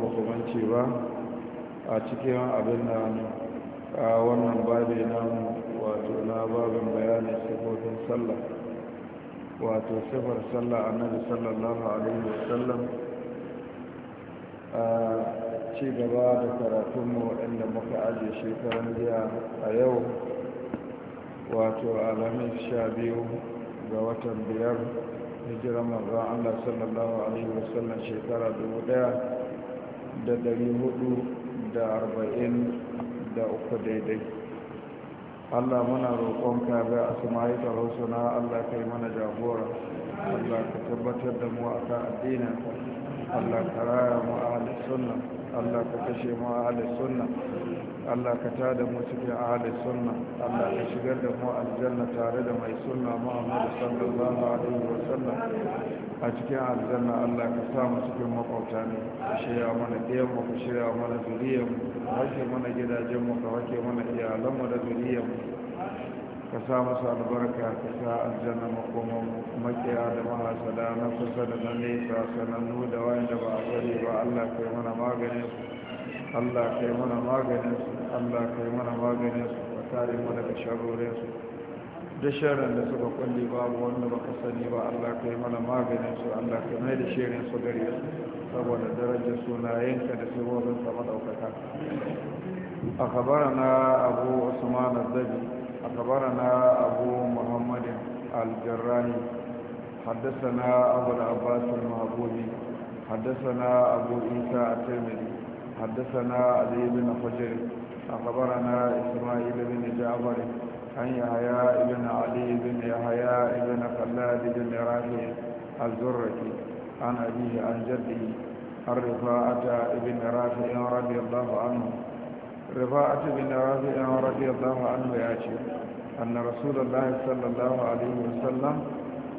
makamanci ba a cikin abin da a wannan babi namu wato na babin bayanin sifofin sallah wato sifar sallah annabi sallallahu alaihi wasallam a ci gaba da karatunmu inda muka ajiye shekaran jiya a yau wato alamin sha biyu ga watan biyar hijiran manzon Allah sallallahu alaihi wasallam shekara dubu daya da dari hudu da arba'in da uku daidai Allah muna roƙonka ga asma'i ta na Allah kai mana jagora Allah ka tabbatar da mu akan addininka Allah ka raya mu a sunna Allah ka kashe mu a sunna Allah ka ta da mu cikin ahalin sunna Allah ka shigar da mu aljanna tare da mai sunna Muhammad sallallahu alaihi wa sallam a cikin aljanna Allah ka sa mu cikin makwabta ne ka shirya mana ɗayan mu ka shirya mana zuriyar mu ka hake mana gidajen mu ka hake mana iyalan mu da zuriyar mu ka sa masu albarka ka sa aljanna makoman makiya da mahasada na kusa da na nesa sanannu da wanda ba a sani ba Allah ka yi mana maganin su Allah kai mana maganin su Allah kai mana maganin su ka kare mu daga sharorin su da shirin da suka kulle babu wanda ba sani ba Allah kai mana maganin su Allah kai mai da shirin su gare su saboda darajar sunayenka da sirrin ka madaukaka أخبرنا أبو عثمان الذبي أخبرنا Haddasa na abu حدثنا أبو العباس المهبولي حدثنا أبو إيسى الترمذي حدثنا علي بن حجر أخبرنا إسماعيل بن جعفر عن يحيى بن علي بن يحيى بن خلاد بن رافع الزركي عن أبيه عن جده عن رفاعة بن رافع رضي الله عنه رفاعة بن رافع رضي الله عنه يأتي أن رسول الله صلى الله عليه وسلم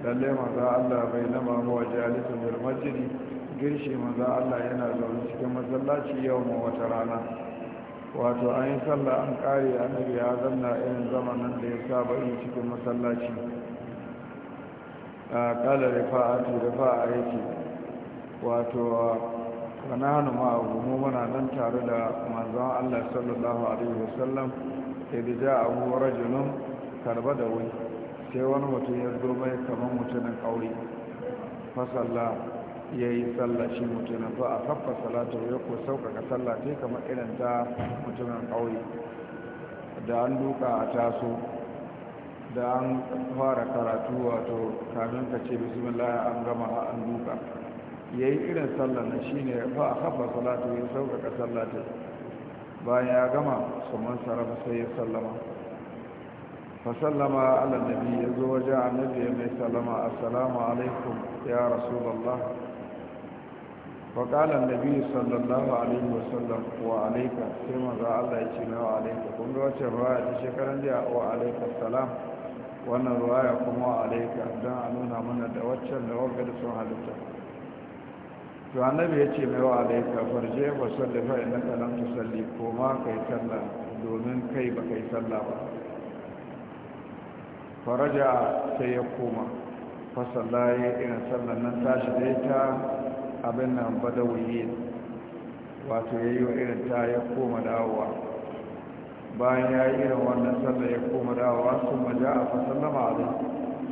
للما ذا الله بينما هو جالس في المسجد girshe maza allah yana zaune cikin masallaci yau ma wata rana wato an yi sallah an kare annabi ya zanna irin zamanin da ya saba yi cikin masallaci a kala rifa'a ce rifa'a yake wato kananu abu mu muna nan tare da manzon allah sallallahu alaihi wasallam idan ja abu rajulun karba da wani sai wani mutum ya zo mai kamar mutumin aure fasalla ya yi sallah shi mutumin zuwa a haffa salatu ya ko sauƙaƙa tsalla ta kamar irin ta mutumin ƙauye da an duka a taso da an fara karatu wato kamin ka ce bismillah an gama a an duka ya yi irin tsalla na shi ne fa a haffa salatu ya sauƙaƙa tsalla ta bayan ya gama su man sarrafa sai ya sallama fasallama ala nabi ya zo wajen annabi mai sallama assalamu alaikum ya rasulallah faƙalar da biyu sallallahu alaihi wasallam wa alaika sai maza allah ya ce na wa alaika kun ga ruwaya ta shekaran jiya wa alaika wannan ruwaya kuma wa alaika don a nuna mana da waccan da wakar sun halitta to annabi ya ce mai wa alaika farje wa sallafa inna ka lam tusalli ko ma kai sallah domin kai ba kai sallah ba faraja sai ya koma fasalla ya irin sallar nan tashi da ita abin nan badawuyi wato ya yi wa irin ta ya koma dawowa bayan ya yi irin wannan sannan ya koma dawowa sun maja a fa sallama alai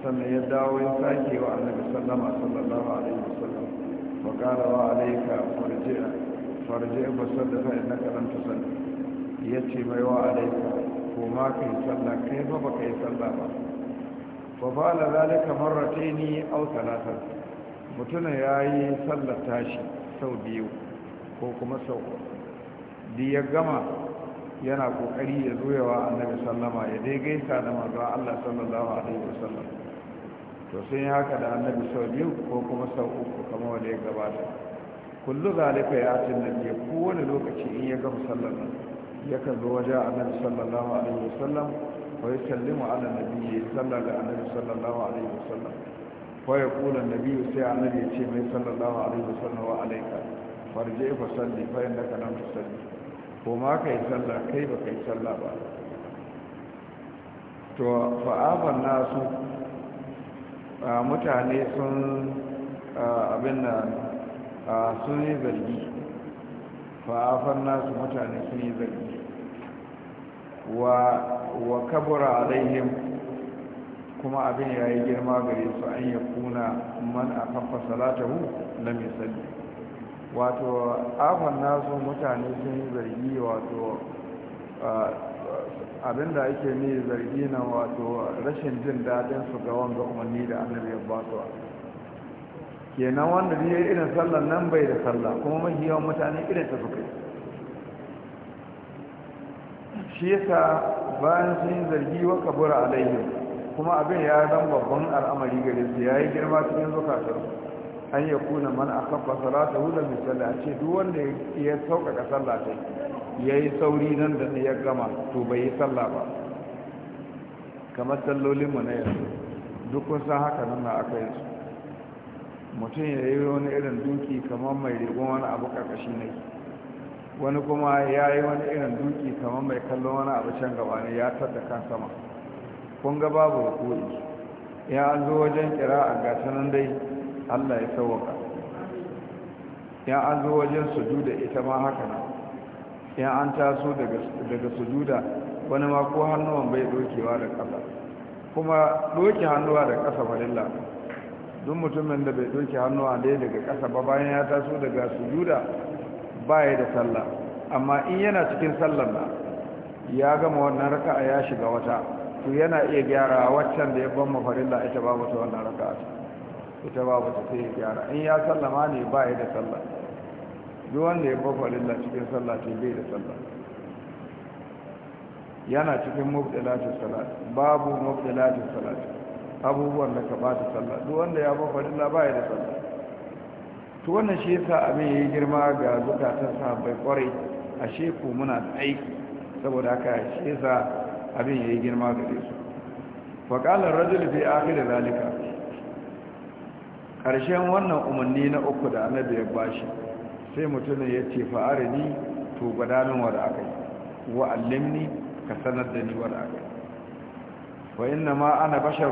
sannan ya dawo ya sake wa annabi sallama sallallahu alaihi wasallam wa qala wa alayka farji'a farji'a basallaka innaka lam tusalli yace mai wa alayka ko ma yi sallah kai ba ba kai sallah ba fa fa'ala zalika marratayn aw thalathatan mutumin ya yi sallar tashi sau biyu ko kuma sau da ya gama yana kokari ya zoyewa annabi sallama ya dai gaisa da mazuwa Allah sallallahu alaihi wasallam to sun yi haka da annabi sau biyu ko kuma sau uku kamar wanda ya gabata kullu zalika ya atin nabi kowane lokaci in ya gama sallar nan kan zo wajen annabi sallallahu alaihi wasallam wa yusallimu ala nabi sallallahu alaihi wasallam waya kula nabi sai an ya ce mai sallallahu alaihi wasallam wa alaika farje fa salli fa inda ka nan salli ko ma kai sallah kai ba kai sallah ba to fa aban nasu mutane sun abin da sun yi zargi fa aban nasu mutane sun yi zargi wa kabura alaihim kuma abin ya yi girma gare su an ya kuna man a kafa salatahu na mai wato afon nasu mutane sun yi zargi wato abin da ake ne zargi na wato rashin jin daɗin su ga wanga umarni da annabi ya ba su kenan wanda ne irin sallar nan bai da sallah kuma mafi yawan mutane irin ta suka shi yasa bayan sun yi zargi wa kabura alaihim kuma abin ya zan babban al'amari gare su ya yi girma cikin zukatar an yi kuna mana a kafa salata hudar misali a ce duk wanda ya sauƙaƙa sallata. ya yi sauri nan da ya gama to bai yi sallah ba kamar sallolinmu na yanzu duk kun san haka nan na aka yi su mutum ya yi wani irin duki kamar mai rigon wani abu ƙarƙashi ne wani kuma ya yi wani irin duki kamar mai kallon wani abu can gaba ne ya tattaka sama kun ga babu rukuri ya an zo wajen kira a gasanin dai allah ya sauwaka ya an zo wajen sujuda ita ma haka na. ya an taso daga sujuda wani ma ko hannuwan bai dokewa da ƙasa kuma doke hannuwa da ƙasa farilla duk mutumin da bai doke hannuwa dai daga ƙasa ba bayan ya taso daga sujuda ba ya da sallah amma in yana cikin sallar na ya gama wannan raka'a ya shiga wata to yana iya gyara waccan da ya ban mafarilla ita babu ta wannan raka'a ita babu ta sai ya gyara in ya sallama ne ba ya da sallah duk wanda ya ban farilla cikin sallah ce bai da sallah yana cikin mubdilatus salat babu mubdilatus salat abubuwan da ka ba ta sallah duk wanda ya ban farilla ba ya da sallah to wannan shi yasa abin yi girma ga zukatan sahabbai kwarai ashe ku muna aiki saboda haka shi yasa abin ya yi girma ga su faƙalar rajul fi akhir zalika ƙarshen wannan umarni na uku da annabi ya bashi sai mutumin ya ce ni to gudanin min wa da aka yi wa allimni ka sanar da ni wa da aka yi wa inna ma ana bashar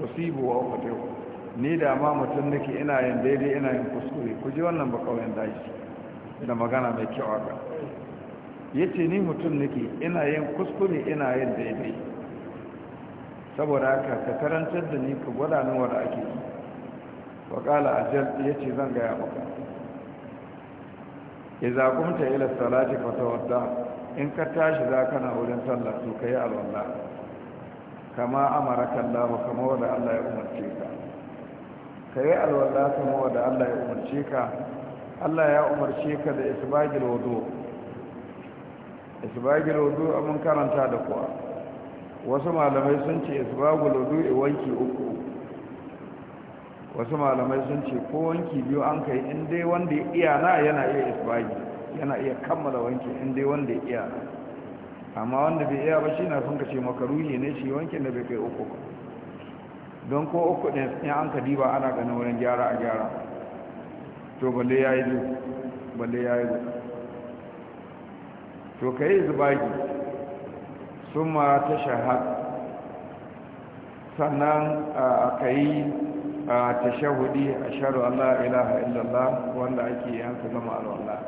kusibu wa teku. ni da ma mutum nake ina yin daidai ina yin kuskure ku ji wannan ba kauyen da magana mai kyau aka ya ce ni mutum nake ina yin kuskure ina yin daidai saboda haka ka karantar da ni ka gwada ni wanda ake yi a ajal ya ce zan gaya maka iza zakumta ila salati wadda in ka tashi za ka na wurin sallar su ka yi alwanda kama amaraka Allah kama wanda Allah ya umarce ka ka yi alwanda kama wadda Allah ya umarce ka Allah ya umarce ka da isbagil wudu isbagil wudu abin karanta da kuwa wasu malamai sun ce isbagul wudu wanki uku wasu malamai sun ce ko wanki biyu an kai in dai wanda ya iya na yana iya isbagi yana iya kammala wanki in dai wanda ya iya amma wanda bai iya ba shi na sun kace makaruhi ne shi wankin da bai kai uku don ko uku ne in an ka diba ana ganin wurin gyara a gyara to balle ya yi balle ya yi to ka yi zubagi sun ma ta shahad sannan ka yi ta shahudi a sharu Allah ilaha illallah wanda ake yanka zama alwallah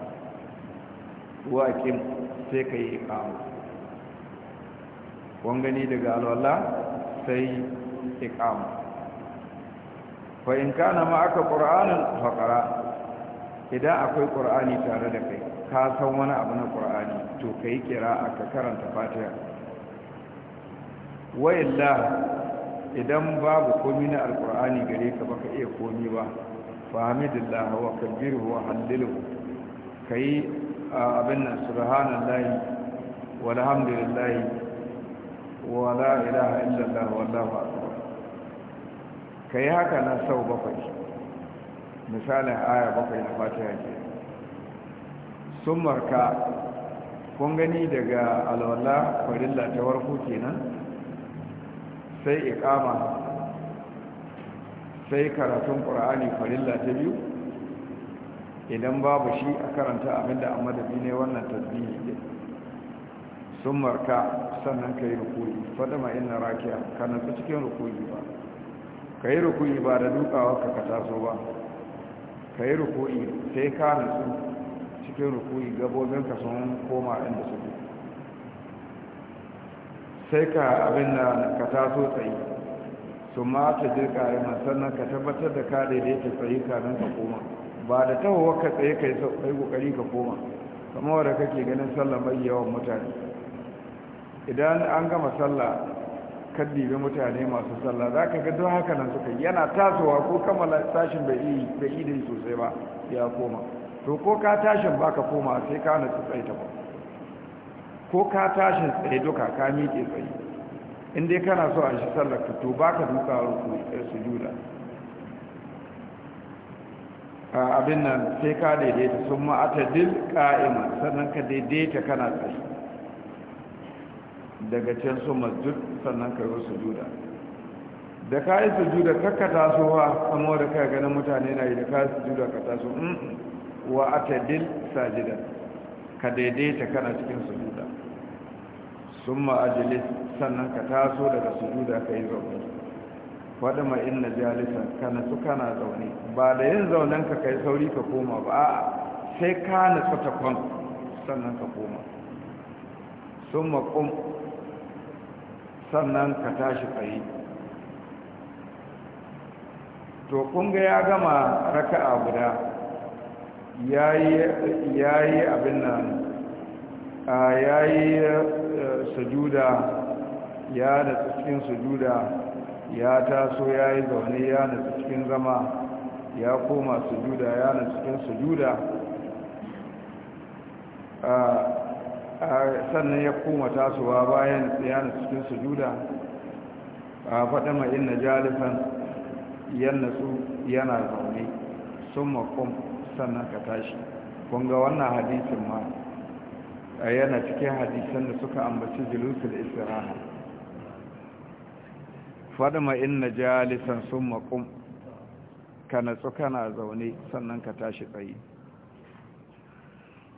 waƙin sai ka yi ikamu wangani daga alwallah sai ikamu fa'in kana ma aka ƙura'anin faƙara idan akwai ƙura'ani tare da kai ka san wani abu na ƙura'ani to ka yi a ka karanta fatiha wa'illa idan babu komi na alkur'ani gare ka baka iya komi ba fahamidillah wa kabbiru wa hallilu ka yi abin nan subhanallahi walhamdulillahi wa la ilaha illallah wallahu akbar ka yi haka na sau bakwai misalin aya bakwai na fatiha ke sun marka kun gani daga alwala farilla ta warko kenan sai ikama sai karatun ƙura'ani farilla ta biyu idan babu shi a karanta abinda a madadi ne wannan tasbihi ne sun marka sannan ka yi rukuni fadama ina rakiya ka cikin rukuni ba ka yi rukuni ba da dukawa ka ka taso ba ka yi rukuni sai ka nutsu. cikin rukuyi gabobinka sun koma inda suke sai ka abin da ka taso tsaye su ma ta jirka sannan ka tabbatar da ka daidaita tsaye kanin ka koma ba da tahowa ka tsaye ka yi kokari ka koma kamar da kake ganin sallah mai yawan mutane idan an gama sallah kan dibi mutane masu sallah za ka gado haka nan suka yana tasowa ko kammala tashin bai yi da yi sosai ba ya koma to ko ka tashin baka koma sai ka na tsaye ta ba ko ka tashin tsaye duka ka miƙe tsaye inda kana so a shi sallar ka to baka duka eh, su juda abin nan sai ka daidaita sun ma'ata dil ƙa'ima sannan ka daidaita kana tsaye daga can sun masjid sannan ka yi sujuda da ka yi sujuda kakka tasowa amma da ka gani mutane na yi da ka yi sujuda ka taso wa atadil sajidan ka daidaita kana cikin sujuda summa ajlis sannan ka taso daga sujuda kai zaune wada ma inna jalisan kana su kana zaune ba da yin zaunen ka kai sauri ka koma ba a'a sai kana natsu ta sannan ka koma summa qum sannan ka tashi tsaye to ga ya gama raka'a guda ya yi abin nan ya yi eh, sujuda ya da cikin sujuda ya taso ya yi zaune ya da cikin zama ya koma sujuda ya da cikin sujuda sannan ya koma tasowa bayan ya da cikin sujuda a faɗa mai ina jalifan yana zaune sun makon sannan ka tashi kun wannan hadisin ma a yana cikin hadisan da suka ambaci julusul istiraha fadma inna jalisan sun maƙum ka natsu kana zaune sannan ka tashi tsaye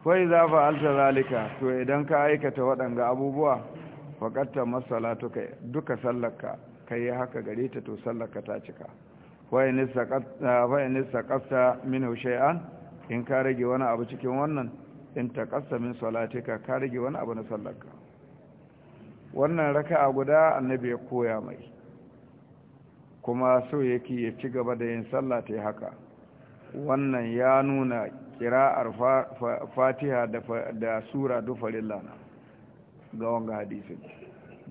kawai za fa alta zalika to idan ka aikata waɗanga abubuwa faƙatta masala duka sallarka ka yi haka gare ta to sallarka ta cika nisa ƙasa min shay'an in ka rage wani abu cikin wannan in ta ƙasa min salatika ka rage wani abu na sallarka wannan raka'a guda annabi ya koya mai kuma so yake ya ci gaba da yin sallah ta haka wannan ya nuna kira'ar fatiha da sura dufarin lana ga wanga hadisin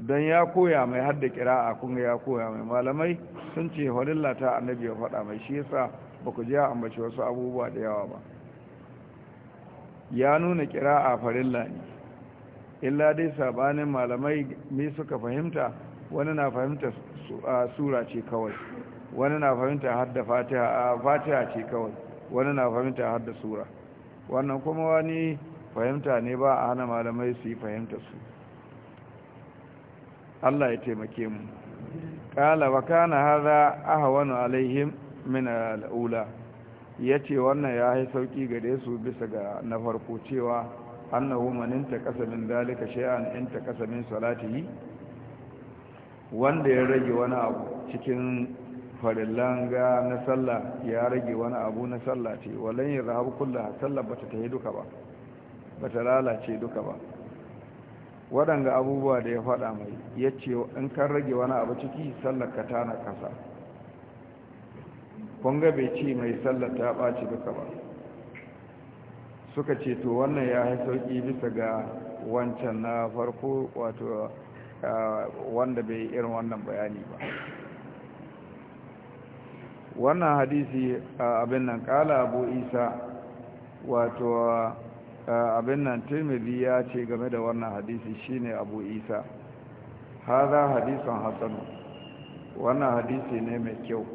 don ya koya mai hadda kira'a kunga ya koya mai malamai sun ce farilla ta annabi ya faɗa mai shi yasa ba ku jiya ambaci wasu abubuwa da yawa ba ya nuna a farilla ne illa dai sabanin malamai me suka fahimta wani na fahimta sura ce kawai wani na fahimta hadda fatiha ce kawai wani na fahimta hadda sura wannan kuma wani fahimta ne ba a hana malamai su yi fahimta su Allah ya taimake mu kala wa kana haza ahwanu alaihim min al'ula ya ce wannan ya yi sauki gare su bisa ga na farko cewa annahu maninta kasamin dalika shay'an inta kasamin salatihi wanda ya rage wani abu cikin farillan ga na sallah ya rage wani abu na sallah ce walan yarhabu kullu sallah bata tahi duka ba bata lalace duka ba waɗanga abubuwa da ya faɗa mai ya ce in kan rage wani abu ciki sallaka ta na ƙasa ƙunga bai ce mai sallar ta ɓaci duka ba suka ce to wannan ya yi sauƙi bisa ga wancan na farko wato wanda bai irin wannan bayani ba wannan hadisi abin nan ƙala abu isa wato Eh, abin nan tirmidhi ya ce game da wannan hadisi shine abu isa haza hadisan hasanu wannan hadisi ne mai kyau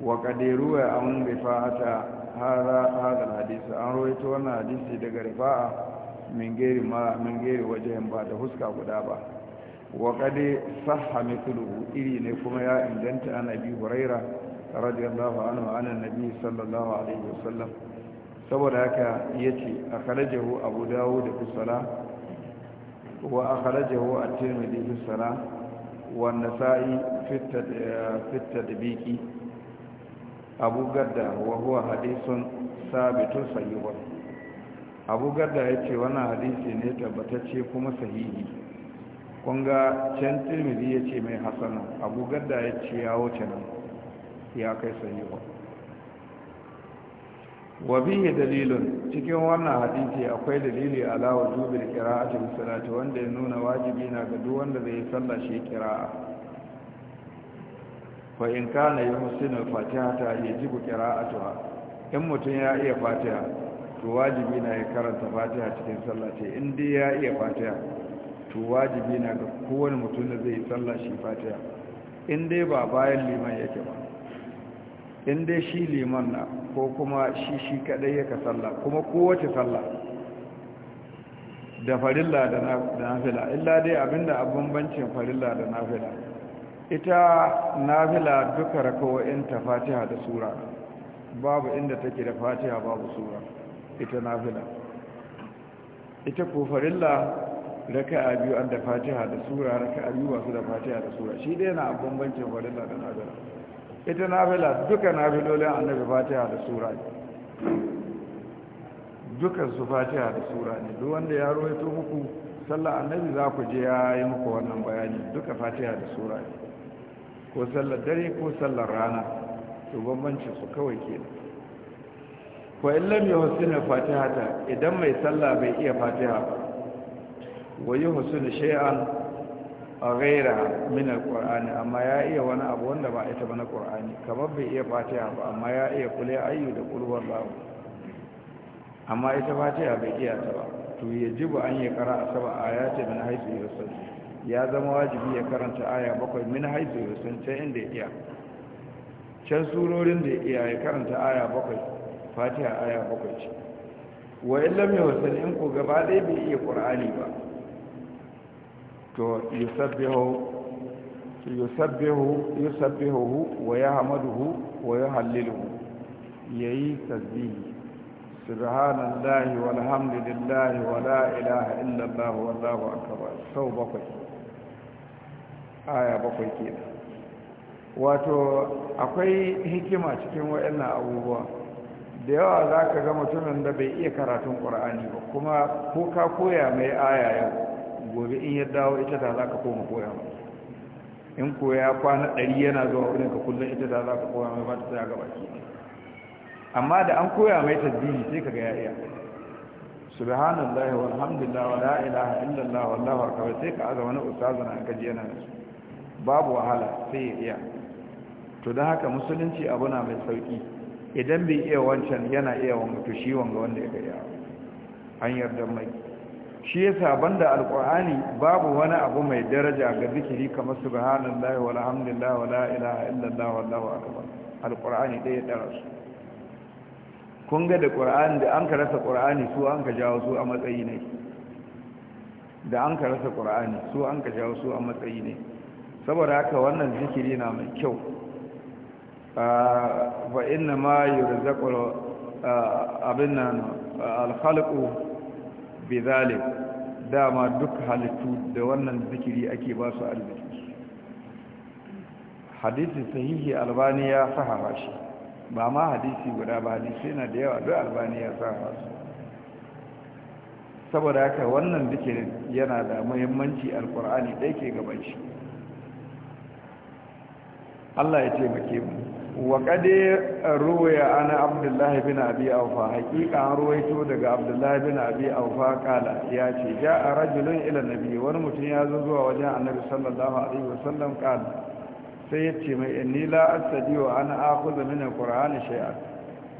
wa kadiru ya an rifa'ata haza hadal hadisi an rawaito wannan hadisi daga rifa'a min gairi ma min gairi wajen ba da huska guda ba wa kadi sahha mithluhu iri ne kuma ya inganta annabi huraira radiyallahu anhu anan nabi sallallahu alaihi wasallam saboda haka ya ce a kharajahu abu dawo da fisara wa a kharajahu a da fisara wanda sa'i fitta da biki abu gadda wa huwa hadisun sabitun sahihun abu gadda ya ce wani hadisi ne tabbatacce kuma sahihi kun ga can tirmidhi ya ce mai hasana abu gadda ya ce ya wuce nan ya kai sahihun wa bihi dalilun cikin wannan hadisi akwai dalili ala wujubil qira'ati bis salati wanda ya nuna wajibi na ga duk wanda zai sallah shi qira'a fa in kana yuhsinu fatihata yajibu qira'atuha in mutun ya iya fatiha to wajibi na ya karanta fatiha cikin sallah ce in dai ya iya fatiha to wajibi na ga kowane mutum da zai sallah shi fatiha in dai ba bayan liman yake ba in dai shi liman na ko kuma shi shi kadai yaka sallah kuma kowace sallah da farilla da nafila illa dai abinda a bambancin farilla da nafila ita nafila duka rakawo'in ta fatiha da sura babu inda take da fatiha babu sura ita nafila ita ko farilla raka biyu an da fatiha da sura raka biyu ba su da fatiha da sura shi dai na abin bambancin farilla da nafila ita nafila duka nafilolin annabi fatiha da sura ne dukan su fatiha da sura ne duk wanda ya rawaito muku sallar annabi za ku je ya yi muku wannan bayani duka fatiha da sura ne ko sallar dare ko sallar rana to bambanci su kawai ke ko illam ya husina fatiha ta idan mai sallah bai iya fatiha ba. wa yi husina shay'an ghaira min alqur'ani amma ya iya wani abu wanda ba ita ba na qur'ani kamar bai iya fatiha ba amma ya iya kule ayyu da kulwar lahu amma ita fatiha bai iya ta ba to yajibu an ya kara asaba ayati min haythu yusalli ya zama wajibi ya karanta aya bakwai min haythu yusalli ta inda ya iya can surorin da ya iya ya karanta aya bakwai fatiha aya bakwai ce wa illam yusalli in ko gaba dai bai iya qur'ani ba to yusabbihu wa yahmaduhu wa yuhalliluhu yayi tasbih subhanallahi walhamdulillahi wa la ilaha illa allah wallahu akbar sau bakwai aya bakwai kenan wato akwai hikima cikin waɗannan abubuwa da yawa za ka ga mutumin da bai iya karatun ƙur'ani ba kuma ko ka koya mai aya yau gobe in ya dawo ita ta za ka koma koya ba. in koya kwana ɗari yana zuwa wurin ka kullum ita ta za ka koya mai ba ta tsaya gaba baki amma da an koya mai tasbihi sai ka ga ya iya subhanallah walhamdulillah la ilaha illallah wallahu akbar sai ka aza wani na ka ji yana babu wahala sai ya iya to dan haka musulunci abu na mai sauki idan bai iya wancan yana iya wanga to shi wanga wanda ya ga iya an yarda mai shi yasa banda alqur'ani babu wani abu mai daraja ga zikiri kamar subhanallahi walhamdulillahi wala ilaha illallah wallahu akbar alqur'ani dai dara su kun ga da qur'ani da an karasa qur'ani su an ka jawo su a matsayi ne da an karasa qur'ani su an ka jawo su a matsayi ne saboda haka wannan zikiri na mai kyau fa inna ma yurzaqu abinna al-khalqu bizalik dama duk halittu da wannan zikiri ake ba su arziki hadisi sahihi albani ya sahaha shi ba ma hadisi guda ba hadisi yana da yawa duk albani ya sahaha su saboda haka wannan zikirin yana da muhimmanci alkur'ani da ke gaban shi Allah ya ce mu wa kade ruwaya ana abdullahi bin abi aufa hakika an ruwaito daga abdullahi bin abi aufa kala ya ce ja a rajulun ila nabi wani mutum ya zo zuwa wajen annabi sallallahu alaihi wasallam kala sai ya ce mai inni la astadi wa ana akhudha min alqur'ani shay'a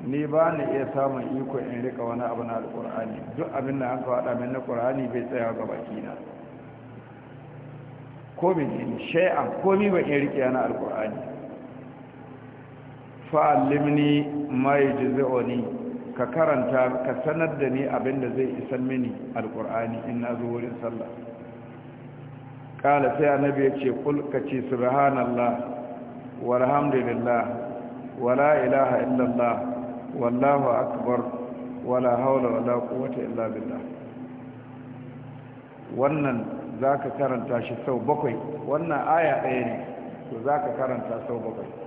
ni ba ni iya samun iko in rika wani abu na alqur'ani duk abin da an wada min na qur'ani bai tsaya ga bakina ko min shay'a ko ni ba in rike na alqur'ani fa'allimni ma yajzi'uni ka karanta ka sanar da ni abinda zai isan mini Alƙur'ani in na zo wurin sallah kala sai ce yace kul kace subhanallah walhamdulillah wala ilaha illallah wallahu akbar wala haula wala quwwata illa billah wannan za ka karanta shi sau bakwai wannan aya ɗaya ne to ka karanta sau bakwai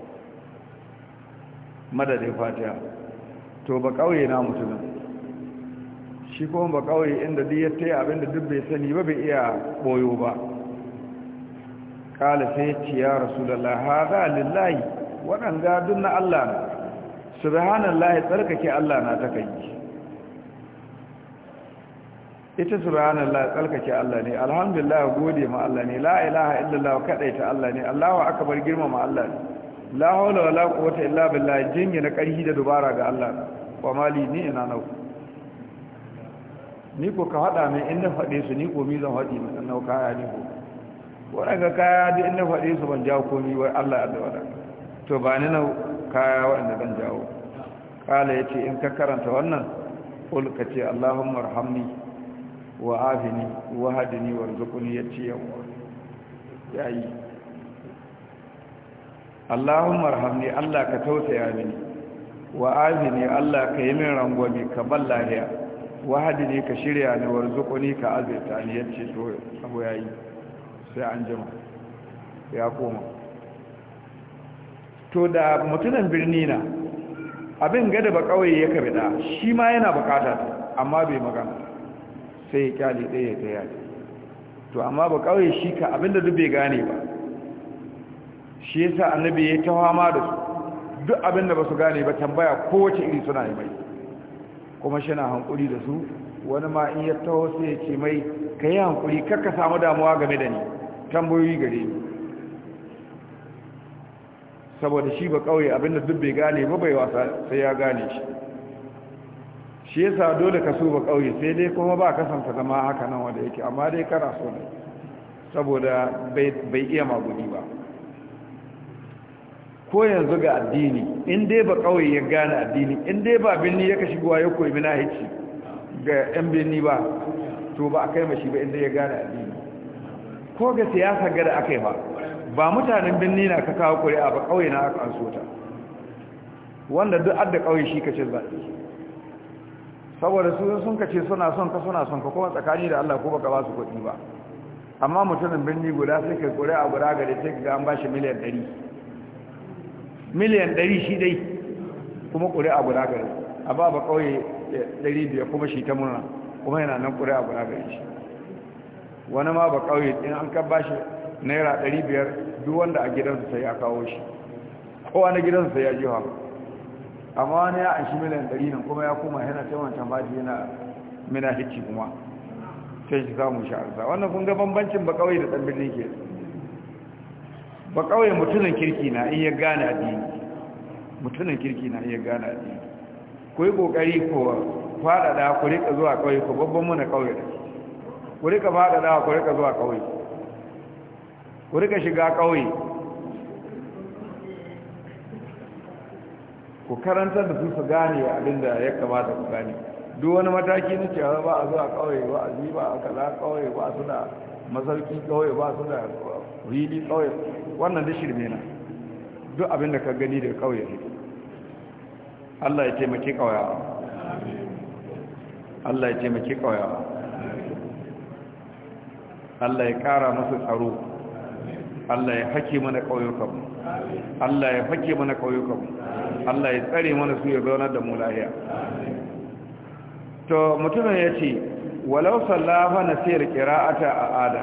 madadin fatiya to ba kauye na mutumin shi kuma ba kauye inda duk ya taya abinda duk bai sani ba bai iya boyo ba kala sai ce ya rasulullah hada lillahi waɗanda duk na Allah na subhanallahi tsarkake Allah na ta kai ita subhanallah tsarkake Allah ne alhamdulillah gode ma Allah ne la ilaha illallah kadaita Allah ne Allahu akbar girmama Allah ne la haula wala quwwata illa billah jinya na karhi da dubara ga Allah wa mali ni ina nau ni ko ka hada mai in na fade su ni ko mi zan fadi maka nau kaya ni ko wadanga kaya da in fade su ban jawo komi wai Allah ya dawo to ba ni nau kaya wanda ban jawo kala yace in ka karanta wannan kul ka ce Allahumma arhamni wa afini wa hadini warzuqni yace yawa yayi Allahumma ارحمني Allah ka tausaya mini الله azini Allah ka yi min كشرياني ka ban lahiya wa hadini ka shirya ni warzuquni ka to abu da mutunan birni abin gada ba kawai ya kabe da shi ma yana bukata amma bai magana sai ya kyale ɗaya ta yaji to amma ba kawai shi ka abinda duk bai gane ba shi yasa annabi ya ta fama da su duk abin da ba su gane ba tambaya kowace iri suna yi mai kuma shi na hankuli da su wani ma in ya taho sai ya ce mai ka yi hankuli kakka samu damuwa game da ni tambayoyi gare ni saboda shi ba kauye abin da duk bai gane ba bai wasa sai ya gane shi shi yasa dole ka so ba kauye sai dai kuma ba kasanta zama haka nan wanda yake amma dai kana so ne saboda bai iya magudi ba ko yanzu ga addini in dai ba kawai ya gane addini in dai ba binni ya kashi guwa ya koyi mina haici ga 'yan binni ba to ba a kai mashi ba inda ya gane addini ko ga siyasa gada aka yi ba ba mutanen binni na ka kawo kuri'a ba kawai na aka anso ta wanda duk adda kawai shi kace zaɓi saboda su sun kace suna son ka suna son ka kuma tsakani da Allah ko baka ba su kuɗi ba amma mutumin binni guda sai ka kuri'a guda gari sai ka ga an ba shi miliyan ɗari miliyan 100 shi dai kuma ƙuri'a guda gari a ba ba ƙauye 500 kuma shi ta murna kuma yana nan ƙuri'a guda gari shi wani ma ba ƙauye in an kan ba shi naira 500 duk wanda a gidansu sai ya kawo shi kowa na gidansu sai ya ji hau amma wani ya anshi miliyan 100 nan kuma ya koma yana ta wancan baji yana mina hikki kuma sai shi samu shi arza wannan kun ga bambancin ba ƙauye da ɗan birni ke ba kawai mutunan kirki na iya gane addini mutunan kirki na iya gane addini ku yi kokari ko faɗaɗa ku rika zuwa kawai ku babban muna kawai da ku rika fadada ku rika zuwa kawai ku rika shiga kawai ku karanta da su su gane abinda ya kamata ku gane duk wani mataki na cewa ba a zuwa kawai ba a ziba a kaza kawai ba a suna mazarki kawai ba su da rili kawai wannan da shirme na duk abin da ka gani da kawai ne Allah ya taimaki kawai Allah ya taimaki kawai Allah ya kara musu tsaro Allah ya hake mana kauyukanmu Allah ya hake mana kauyukanmu Allah ya tsare mana su ya zauna da mu lahiya to mutumin ya ce walau sallafa na sayar kira'ata a ada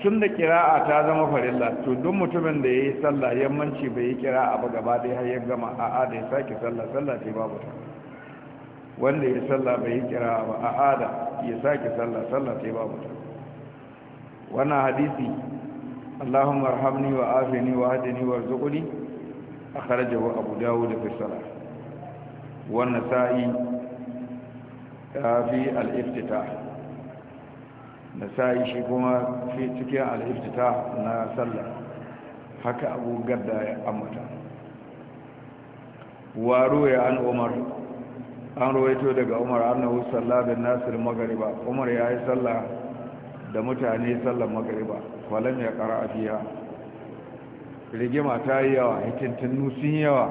tun da kira'a ta zama farilla to duk mutumin da ya yi sallah yammanci bai yi kira'a ba gaba ɗaya har ya gama a ada ya sake sallah sallah ce babu ta wanda ya sallah bai yi kira'a ba a ada ya sake sallah sallah ce babu ta wannan hadisi Allahumma arhamni wa afini wa hadini warzuqni akhrajahu Abu Dawud fi salah wa an-Nasa'i fi al-Iftitah da sa'i shi kuma fi cikin al'iftita na sallah haka abu gadda ya amata. waro ya an umar an rawaito daga umar annahu sallah bin nasir magariba umar ya yi sallah da mutane sallar magariba falam ya kara a fiya rigima ta yi yawa hikintinnu sun yawa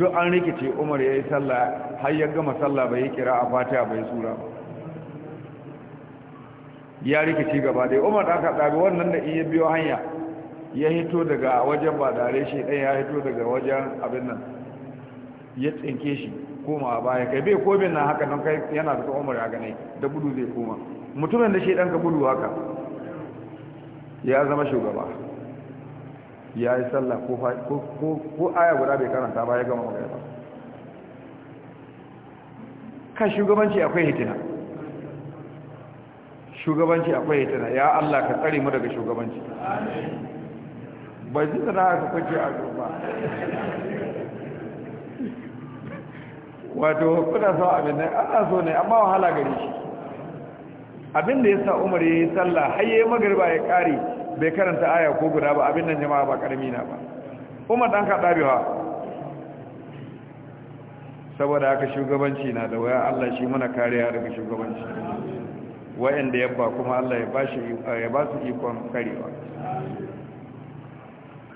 duk an rikice umar ya yi sallah har ya gama sallah bai yi kira a fatiha bai sura ba ya rikici gaba dai umar aka kaɗabi wannan da iya biyo hanya ya hito daga wajen ba dare shi ɗaya ya hito daga wajen abin nan ya tsinke shi koma a baya kai bai komin nan haka nan kai yana da umar ya gane da gudu zai koma mutumin da shi ɗan ka gudu haka ya zama shugaba ya yi sallah ko aya guda bai karanta ba ya gama magana ba kan shugabanci akwai hitina shugabanci akwai tana, ya Allah ka tsare mu daga shugabanci ba ji na aka kwace a ba wato kuna so abin da ana so ne amma wahala gari shi abin da ya sa umar ya yi sallah har ya magarba ya kare bai karanta aya ko guda ba abin nan jama'a ba karami na ba umar dan ka darewa saboda haka shugabanci na da waya Allah shi mana kariya daga shugabanci wa'anda ya ba kuma Allah ya bashi ya ba su ikon karewa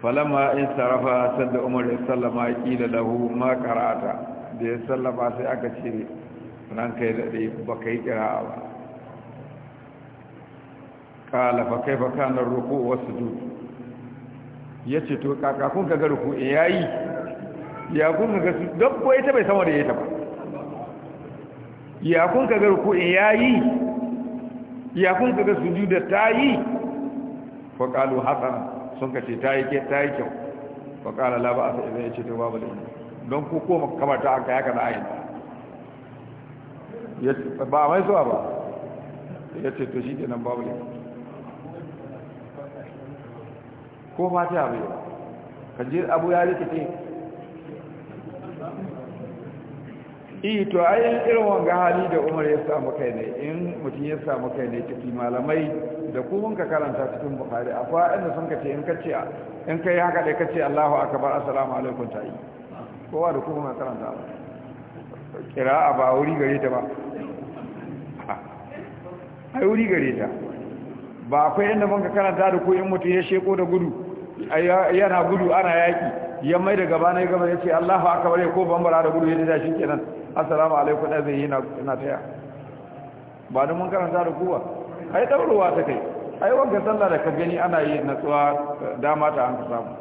falamma in sarafa sanda umar sallama kila lahu ma qara'ata da ya sallama sai aka ce ranka ya dade baka yi qira'a ba kala fa kaifa kana ruku wa sujud yace to kaka kun kaga ruku yayi ya kun ga dabbo ita bai sama da yayi ta ba ya kun ga ruku yayi ya kun kaga sujuda ta yi fa qalu hasana sun kace ta yi ke tayi yi kyau fa qala la ba'sa idan yace to babu laifi don ko koma kamata aka yaka da ayin yace ba mai zuwa ba yace to shi kenan babu laifi ko ta bai ka je abu ya rikice iya e, to a yin irin wanga hali da umar ya samu kai ne in mutum ya samu kai ne ciki malamai da kuma ka karanta cikin bukari a fa'in inda sun kace in kace in kai haka dai kace allahu akbar assalamu alaikum ta yi kowa da kuma ka karanta kira a ba wuri gare ta ba ai wuri gare ta ba akwai inda mun ka karanta da ko in mutum ya sheko da gudu yana gudu ana yaki ya mai da gaba na gaba ya ce allahu akbar ya ko bambara da gudu ya da shi kenan assalamu alaikum da zai yi na taya ba da mun karanta da kuwa yi ɗaurowa ta kai A yi wanka sallah da ka gani ana yi natsuwa dama ta hanka samu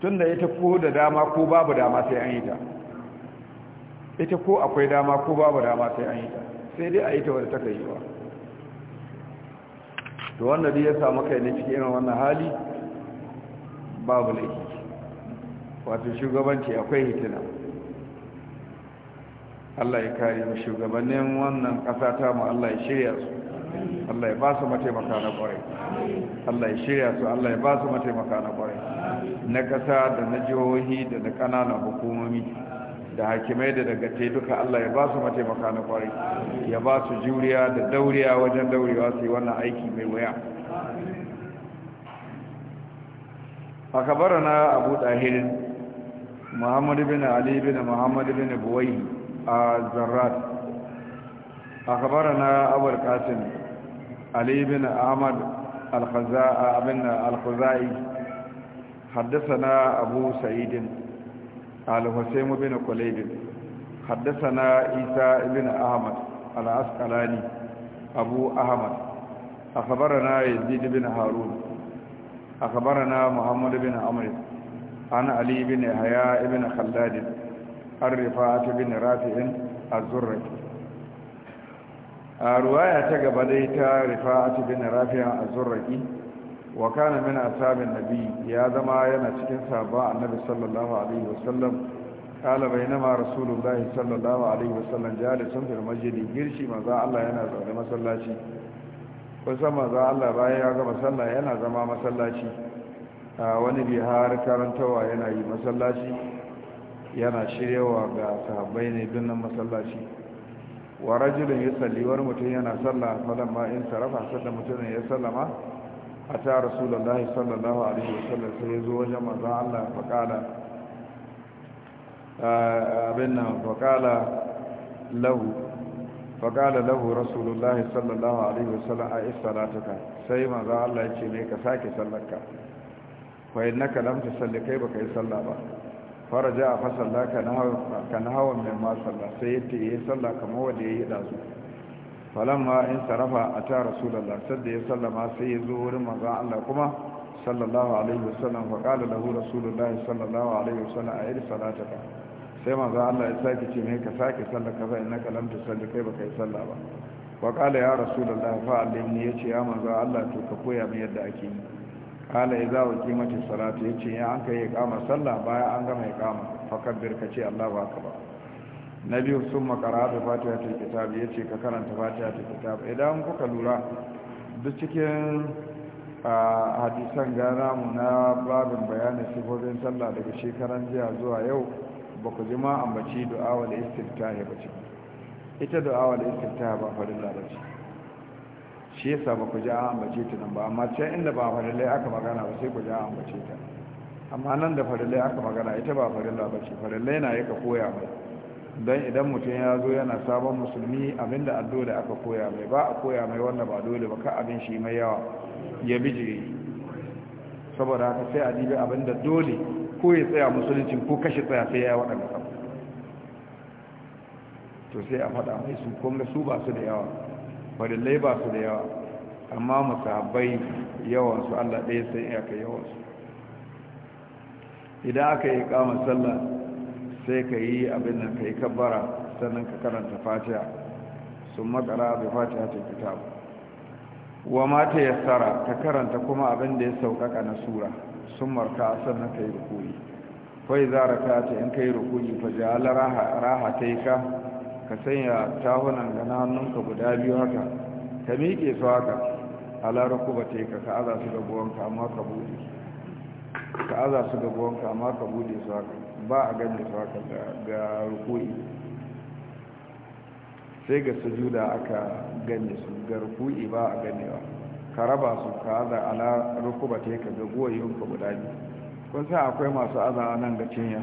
tun da ita ko da dama ko babu dama sai an yi ta ita ko akwai dama ko babu dama sai an yi ta sai dai a yi ta wadda ta kai yiwa to wanda dai ya samu kai ne cikin irin wannan hali babu laifi wato shugabanci akwai hitina Allah ya kare mu shugabannin wannan ƙasa ta mu Allah ya shirya su Allah ya ba su mataimaka na ƙwarai Allah ya shirya su Allah ya ba su mataimaka na ƙwarai na ƙasa da na jihohi da na ƙananan hukumomi da hakimai da daga te duka Allah ya ba su mataimaka na ƙwarai ya ba su juriya da dauriya wajen daurewa su yi wannan aiki mai wuya a kabara na abu ɗahirin muhammad bin ali bin muhammad bin buwai الزرات أخبرنا أبو القاسم علي بن أحمد الخزائي حدثنا أبو سعيد الحسين بن قليب حدثنا عيسى بن أحمد العسقلاني أبو أحمد أخبرنا يزيد بن هارون أخبرنا محمد بن عمرو عن علي بن حياء بن خلاد an rifa ta bin rafi'in a zurraki a ruwaya ta gaba dai ta rifa ta bin rafi'in a zurraki wa kana min asabin nabi ya zama yana cikin sahaba annabi sallallahu alaihi wasallam kala bainama rasulullahi sallallahu alaihi wasallam jalisun fil masjid girshi manzo Allah yana zaune masallaci kusa manzo Allah bayan ya gama sallah yana zama masallaci wani bihar karantawa yana yi masallaci yana shiryawa ga sahabbai ne nan masallaci wa rajulun yusalli war mutum yana sallah falamma in sarafa sadda mutum ya sallama ata rasulullahi sallallahu alaihi wasallam sai zo wajen maza Allah faqala ah, abin nan faqala lahu faqala lahu rasulullahi sallallahu alaihi wasallam a salatuka sai maza Allah ya ce ne ka sake sallarka fa innaka lam tusalli kai baka yi sallah ba faraja a fasalla ka na hawan mai masalla sai yadda ya yi salla kama wanda ya yi ɗazu falamma in sarrafa a ta rasulallah sadda ya sallama sai ya zo wurin manzan allah kuma sallallahu alaihi wasallam wa ƙala lahu rasulullahi sallallahu alaihi wasallam a iri salataka sai manzan allah ya sake ce mai ka sake sallar ka zai naka lamta salli kai baka yi salla ba wa ƙala ya rasulullahi fa'alimni ya ce ya manzan allah to ka koya mai yadda ake yi kala zawo uqimatis salatu yace ya an kai kama sallah bayan an gama ba allah ya kama ka ba na biyu sun makara da qara'a ta kitab ce ka karanta ta kitab idan kuka lura duk cikin hadisan gana mu na babin bayanin sifofin sallah daga shekaran jiya zuwa yau ba ku ji ma ambaci du'a wal istiftahi ba ce ita du'a wal istiftahi ba farilla ba ce shi ya ba ku ji an ambace ta nan ba amma can inda ba farillai aka magana ba sai ku ji an ambace ta amma nan da farillai aka magana ita ba farilla ba ce farillai na yi ka koya mai don idan mutum ya zo yana sabon musulmi abinda an dole aka koya mai ba a koya mai wanda ba dole ba ka abin shi mai yawa ya bijire saboda haka sai a dibi abinda dole ko ya tsaya musulunci ko kashe tsaya sai ya waɗanda to sai a faɗa mai su kuma su ba su da yawa farillai ba su da yawa amma musabbai yawansu allah ɗaya sai ya ka yawansu idan aka yi kama sallah sai ka yi abin da ka yi kabbara sannan ka karanta fatiha sun makara bai fatiha ce fita wa mata yassara ka karanta kuma abin da ya sauƙaƙa na sura sun marka sannan ka yi rukuni fai za raka ta in ka yi rukuni fa ji raha ta yi ka ka sanya tahunan ga na hannunka guda biyu haka ka miƙe su haka halar kuma ta yi ka ka'aza su gabuwanka amma ka bude ka'aza su gabuwanka amma ka bude su haka ba a gani su haka ga rukui sai ga sujuda aka gani su ga rukui ba a ganewa ka raba su ka'aza halar kuma ta yi ka gabuwa yunka guda biyu kun sai akwai masu aza nan ga cinya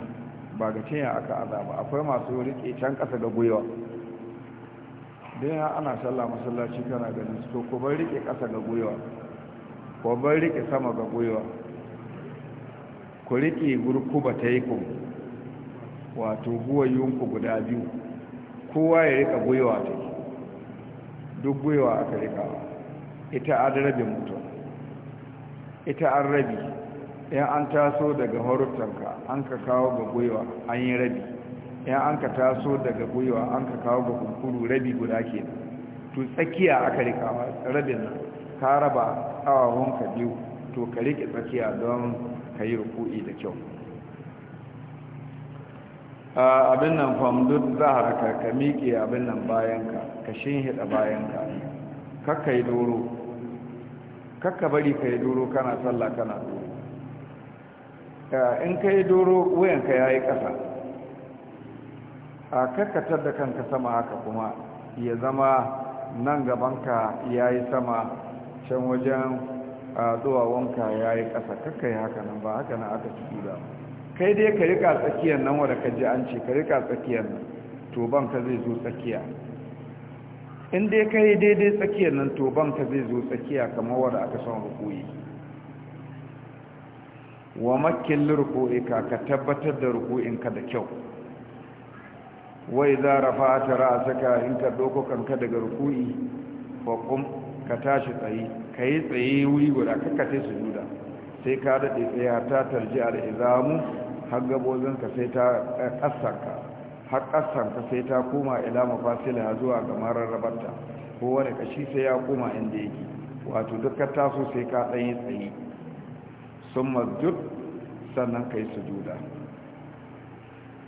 ba ga cinya aka azaba akwai masu rike can ƙasa ga gwiwa don ya ana sallah masallaci kana ganin su to ku bar rike ƙasa ga gwiwa Ko bar rike sama ga gwiwa ku rike ba ta yi ku wato guwayunku guda biyu kowa ya rika gwiwa ta duk gwiwa aka rikawa ita an mutum ita an rabi in an taso daga horuftanka an ka kawo ga gwiwa an yi rabi in an ka taso daga gwiwa an ka kawo ga kunkuru rabi guda ke to tsakiya aka rikawa rabin nan ka raba ka biyu to ka rike tsakiya don ka yi ruku'i da kyau abin nan za a ka ka miƙe abin nan bayanka ka shinhiɗa bayanka kakka yi doro kakka bari ka yi doro kana sallah kana doro Eh, in ka yi doro wuyanka ya yi ƙasa a kakkatar da kanka sama haka kuma ya zama nan gabanka ya yi sama can wajen a duwawanka ya yi ƙasa kakka yi haka nan ba haka nan aka ci ba kai dai ka rika tsakiyar nan wadda ka ji an ce ka rika tsakiyar nan to banka zai zo tsakiya in dai ka yi daidai tsakiyar nan to banka zai zo tsakiya kamar wadda aka son rukuyi wa makin lurku'ika ka tabbatar da ruku'inka da kyau wai za rafa ta saka in ka ɗauko daga ruku'i faƙum ka tashi tsaye ka yi tsaye wuri guda kakkace su juda sai ka daɗe tsaye ta tarji izamu har gabozinka sai ta ka har sai ta koma ila mafasila zuwa ga mararrabarta ko wani ƙashi sai ya koma inda yake wato duk ka taso sai ka ɗanyi tsaye sun masjud sannan ka yi sujuda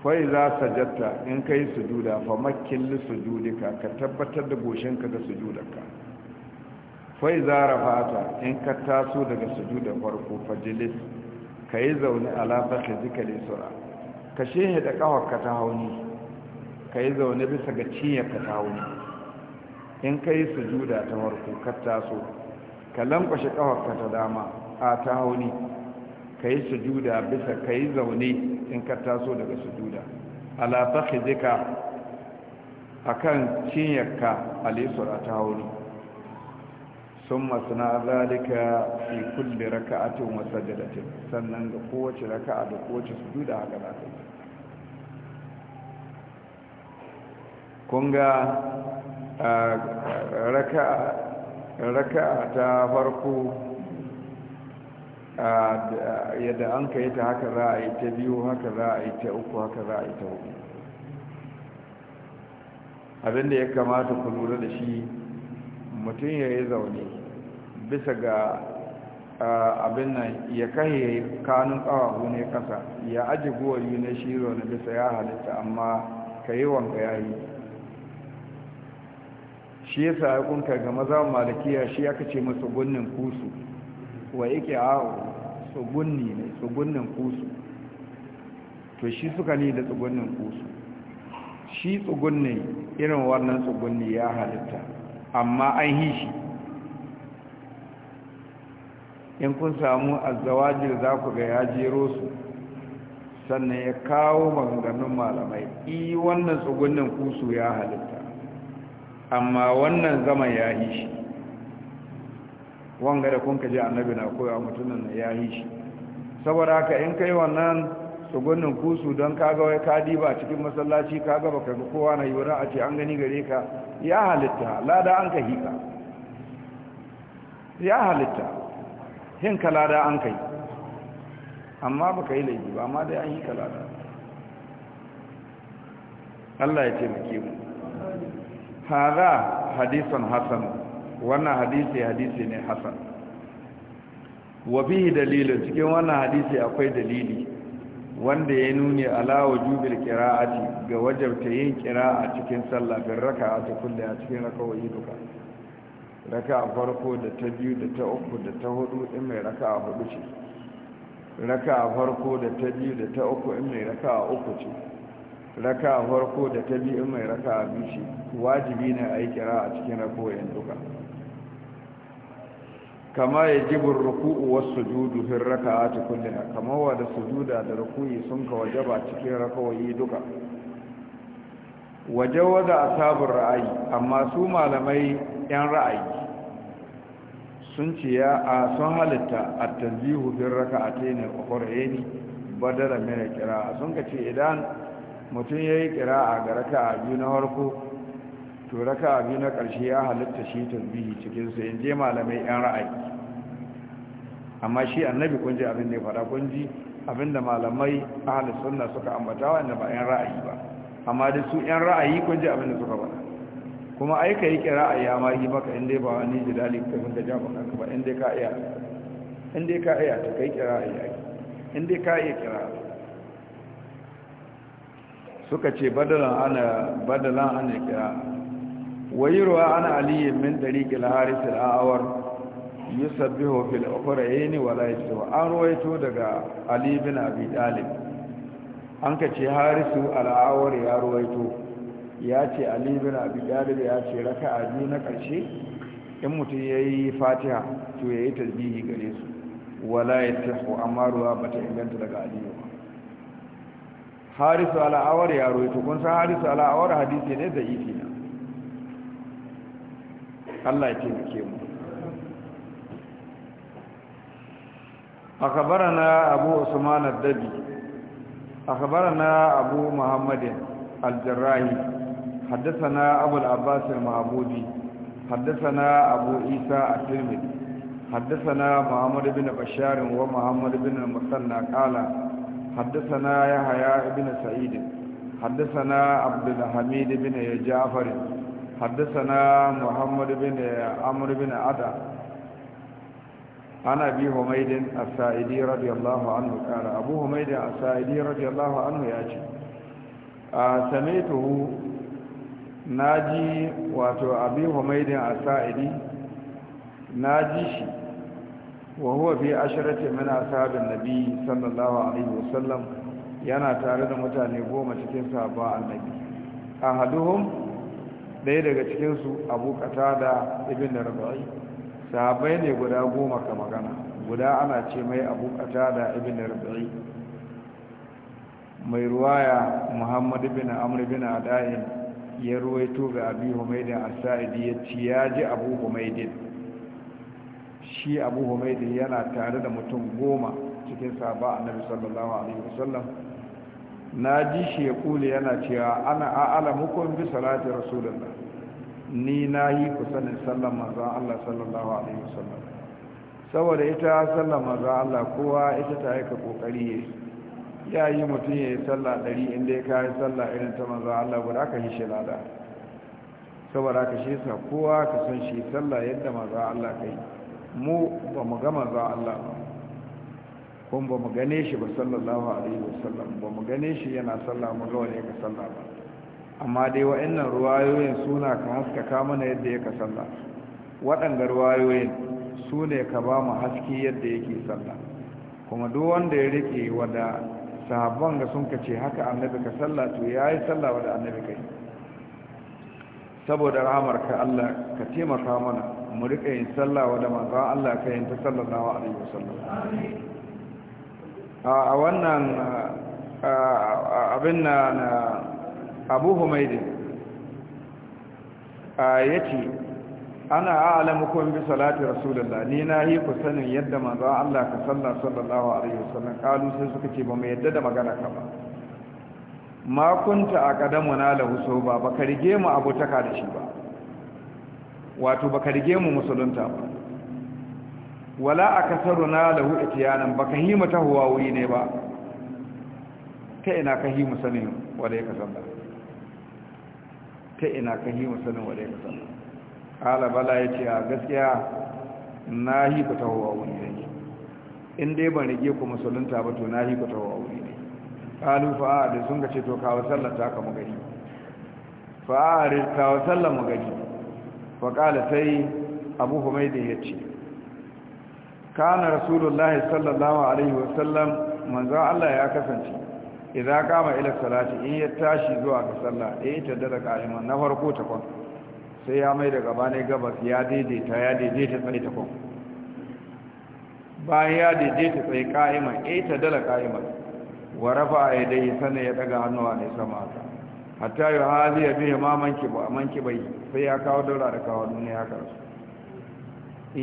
fai za sajatta in ka yi sujuda fa makin sujudika ka tabbatar da goshinka da sujudarka fai za rafata in ka taso daga sujudar farko fajilis ka yi zaune alaƙa ka zika lesura ka shehe da ƙawarka ta hauni ka yi zaune bisa ga cinyarka ta hauni in ka yi sujuda ta farko ka taso ka lankwashe ƙawarka ta dama a ta hauni ka yi sujuda bisa ka yi zaune in ka taso daga sujuda ala a akan cinyarka alisura ta hauni sun masana zalika fi kulle raka'atin wa sajadatin sannan ga kowace raka'a da kowace sujuda haka za ka yi kun ga raka'a ta farko yadda an ka yi ta haka za a yi ta biyu haka za a yi ta uku haka za a yi ta hudu abinda ya kamata ku lura da shi mutum ya yi zaune bisa ga abin nan ya kai ya yi kanun kawahu ne kasa ya aji yi na shi zaune bisa ya halitta amma ka yi wanka ya yi shi ya sa ya kunka ga maza malakiya shi aka ce masu gunnin kusu wa yake awo tsugunni ne tsugunnin kusu to shi suka ne da tsugunnin kusu shi tsugunni irin wannan tsugunni ya halitta amma an yi shi in kun samu azawajir za ku ga ya jero su sannan ya kawo maganganun malamai i wannan tsugunnin kusu ya halitta amma wannan zama ya yi shi wanga da kun kaji annabi na koya mutumin na ya yi shi saboda haka in kai wannan tsugunin kusu don kaga wai ka diba a cikin masallaci kaga baka ga kowa na yura a ce an gani gare ka ya halitta lada an ka hika ya halitta hin ka lada an kai amma baka yi laifi ba amma dai an ka lada Allah ya taimake mu hadha hadisan hasan wannan hadisi hadisi ne hasan wa bihi dalilin cikin wannan hadisi akwai dalili wanda ya nuni ala wujubil qira'ati ga wajabta yin qira'a cikin sallah bin ta kulli a cikin raka'o'i duka raka'a farko da ta biyu da ta uku da ta hudu in mai raka'a hudu ce raka'a farko da ta biyu da ta uku in mai raka'a uku ce raka'a farko da ta biyu in mai raka'a biyu ce wajibi ne a yi qira'a cikin raka'o'in duka kama ya jibin ruku'u wasu judu fin raka a cikin kama wa da sujuda da ruku'i sun ka ba cikin raka yi duka waje wada a sabon ra'ayi amma su malamai 'yan ra'ayi sun ce ya a sun halitta a tanzihu fin raka a tenin ba da ramina kira sun ka ce idan mutum ya yi kira a ga raka a biyu na harko to raka biyu na ƙarshe ya halitta shi tasbihi cikin su in je malamai yan ra'ayi amma shi annabi kun ji abin da ya faɗa kun ji abin da malamai ahalus sunna suka ambata inda ba yan ra'ayi ba amma da su yan ra'ayi kun ji abin da suka faɗa kuma ai ka yi kira a yama yi maka inda ba wani dali ka kun da jaba kanka ba inda ka iya inda ka iya ta kai kira a yaki inda ka iya kira suka ce badalan ana badalan ana kira wayirwa ana aliyu min dari al-haris al-awar yusabbihu fil ukhrayn wa la yusabbihu an ruwaito daga ali bin abi talib an ka harisu al'awar awar ya ruwaito ya ce ali bin abi talib ya ce raka'a biyu na ƙarshe in mutum yayi fatiha to yayi tasbihi gare su wala ya taho amma ruwa inganta daga aliyu ba harisu al'awar ya roito kun san harisu al'awar hadisi ne da ifi Allah ya taimake mu akhbarana abu usman ad-dabi akhbarana abu muhammad al-jarrahi haddathana abu abbas al-mahmudi abu isa at-tirmidhi haddathana muhammad ibn bashar wa muhammad ibn al-musanna qala haddathana yahya bin sa'id Haddasana abdul bin ibn حدثنا محمد بن عمرو بن عدا عن أبي حميد السائدي رضي الله عنه قال أبو حميد السائدي رضي الله عنه يأتي سمعته ناجي واتو أبي حميد السائدي ناجيشي وهو في عشرة من أصحاب النبي صلى الله عليه وسلم yana tare da mutane goma cikin sahaba annabi ahaduhum ɗaya daga cikinsu abu kata da ibin da rabai sahabai ne guda goma ka magana guda ana ce mai abu kata da ibin da rabai mai ruwaya Muhammadu bin amur bin adayin ya ruwaito ga abi a sa'idi ya ci ya ji abu humaidin shi abu humaidin yana tare da mutum goma cikin sahaba Nabi sallallahu alaihi wasallam na ji shi ya kule yana cewa ana a'ala kun bi salati rasulullah ni na yi ku sanin sallan manzan Allah sallallahu alaihi wasallam saboda ita sallan manzan Allah kowa ita ta aika kokari ya yi mutum ya yi sallar ɗari inda ya kayi sallar irin ta manzan Allah guda aka yi shi lada saboda aka shi sa kowa ka san shi sallar yadda manzan Allah ka yi, mu ba mu ga manzan Allah ba Kun ba mu gane shi ba sallallahu alaihi wasallam ba mu gane shi yana sallar mu ga wani ka sallar. ba amma dai wa'annan ruwayoyin suna ka haskaka mana yadda yake sallah waɗanda ruwayoyin su ne ka ba mu haske yadda yake sallah kuma duk wanda ya rike wada sahabban ga sun kace haka annabi ka sallah to yayi sallah wada annabi kai saboda rahamar ka Allah ka taimaka mana mu rika yin sallah wada manzo Allah ka yin ta sallallahu alaihi wasallam a wannan abin na abu humaidin a yace ana a'lamukum bi salati rasulillah ni na yi ku sanin yadda manzo Allah ka salla sallallahu alaihi wasallam kalu sai suka ce ba mu yadda da magana ka ba ma kunta na lahu so ba ka rige mu abotaka da shi ba wato ba ka rige mu musulunta ba wala na lahu itiyanan ba ka hima ta huwa wuri ne ba ta ina ka himu sanin wanda ya ka sallah ta ina ka yi musulun wa daika sannan ƙala bala ya ce a gaskiya na yi ku taho a wuri ne in dai ban rige ku musulunta ba to na yi ku taho a wuri ne ƙalu fa'a da sun ka ce to kawo sallar ta kama mu gani fa'a da kawo sallar mu gani fa ƙala sai abu humaidin ya ce kana rasulullahi sallallahu alaihi wasallam manzan Allah ya kasance idan kama ila salati in ya tashi zuwa ga sallah eh ta dala qa'iman na farko ta kon sai ya mai daga gaba gabas ya daidaita ya daidaita tsaye ta kon bayan ya daidaita tsaye qa'iman eh ta dada qa'iman wa rafa yadayhi sanin ya daga hannuwa ne sama haka hatta yi hali ya biya mamanki ba manki bai sai ya kawo daura da kawo duniya haka su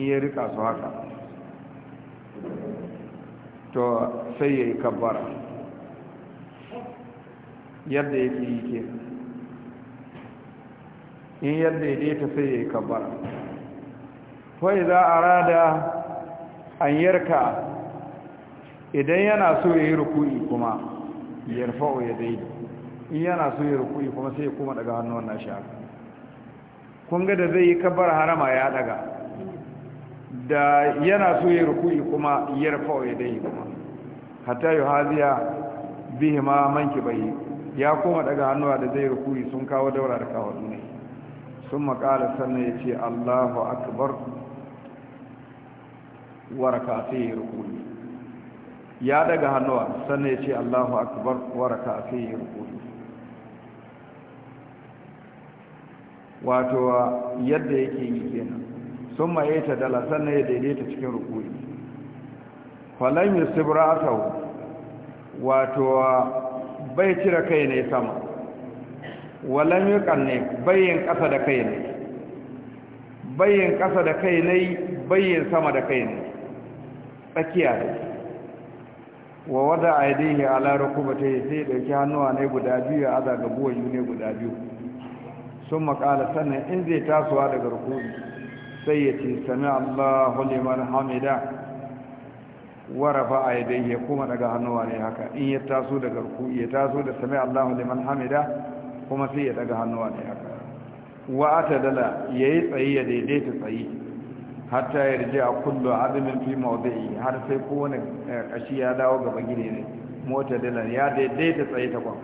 in ya rika su haka to sai ya yi kabbara yadda ya yi ke in yadda ya ta sai ya yi kabbar wai za a rada an yarka idan yana so ya yi rukuni kuma yarfa'u ya daidai in yana so ya yi rukuni kuma sai ya kuma daga hannu nashi haka kun ga da zai yi kabbar harama ya daga da yana so ya yi rukuni kuma yarfa'u ya daidai kuma hatta yi haziya bihima ma manki bai ya koma daga hannuwa da zai rukuri sun kawo daura da kawo ne sun makala sannan ya ce allahu akbar waraka sai ya rukuri ya daga hannuwa sannan ya ce allahu akbar waraka sai ya rukuri wato yadda yake yi kenan sun ma ya dala sannan ya daidaita cikin rukuri falon yi sibirata wato bai cire kai ne sama walam yuqanne bayin ƙasa da kai ne bayin ƙasa da kai ne bayin sama da kai ne tsakiya da wa wada aidihi ala rukubati sai ɗauki hannuwa ne guda biyu ya aza ga buwayu ne guda biyu sun makala sannan in zai tasowa daga rukubi sai ya ce sami allahu liman hamida warafa a yadai ya kuma daga hannuwa ne haka in ya taso daga garku ya taso da sami allahu liman hamida kuma sai ya daga hannuwa ne haka wa ata dala ya yi tsayi ya daidaita tsayi hatta ya rije a kullu azumin fi mawdai har sai kowane kashi eh, ya dawo gaba gine ne mota dala ya daidaita tsayi ta kwan